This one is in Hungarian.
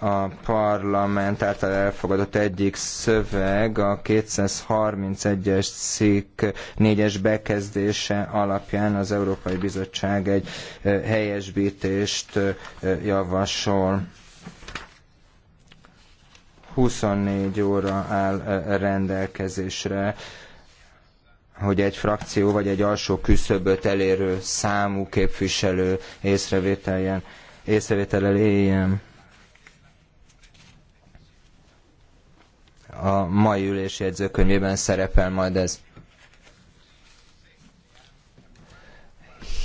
a parlament által elfogadott egyik szöveg a 231-es cikk 4-es bekezdése alapján az Európai Bizottság egy helyesbítést javasol. 24 óra áll rendelkezésre hogy egy frakció vagy egy alsó küszöböt elérő számú képviselő észrevételjen, észrevétellel éljen. a mai ülés jegyzőkönyvében szerepel majd ez.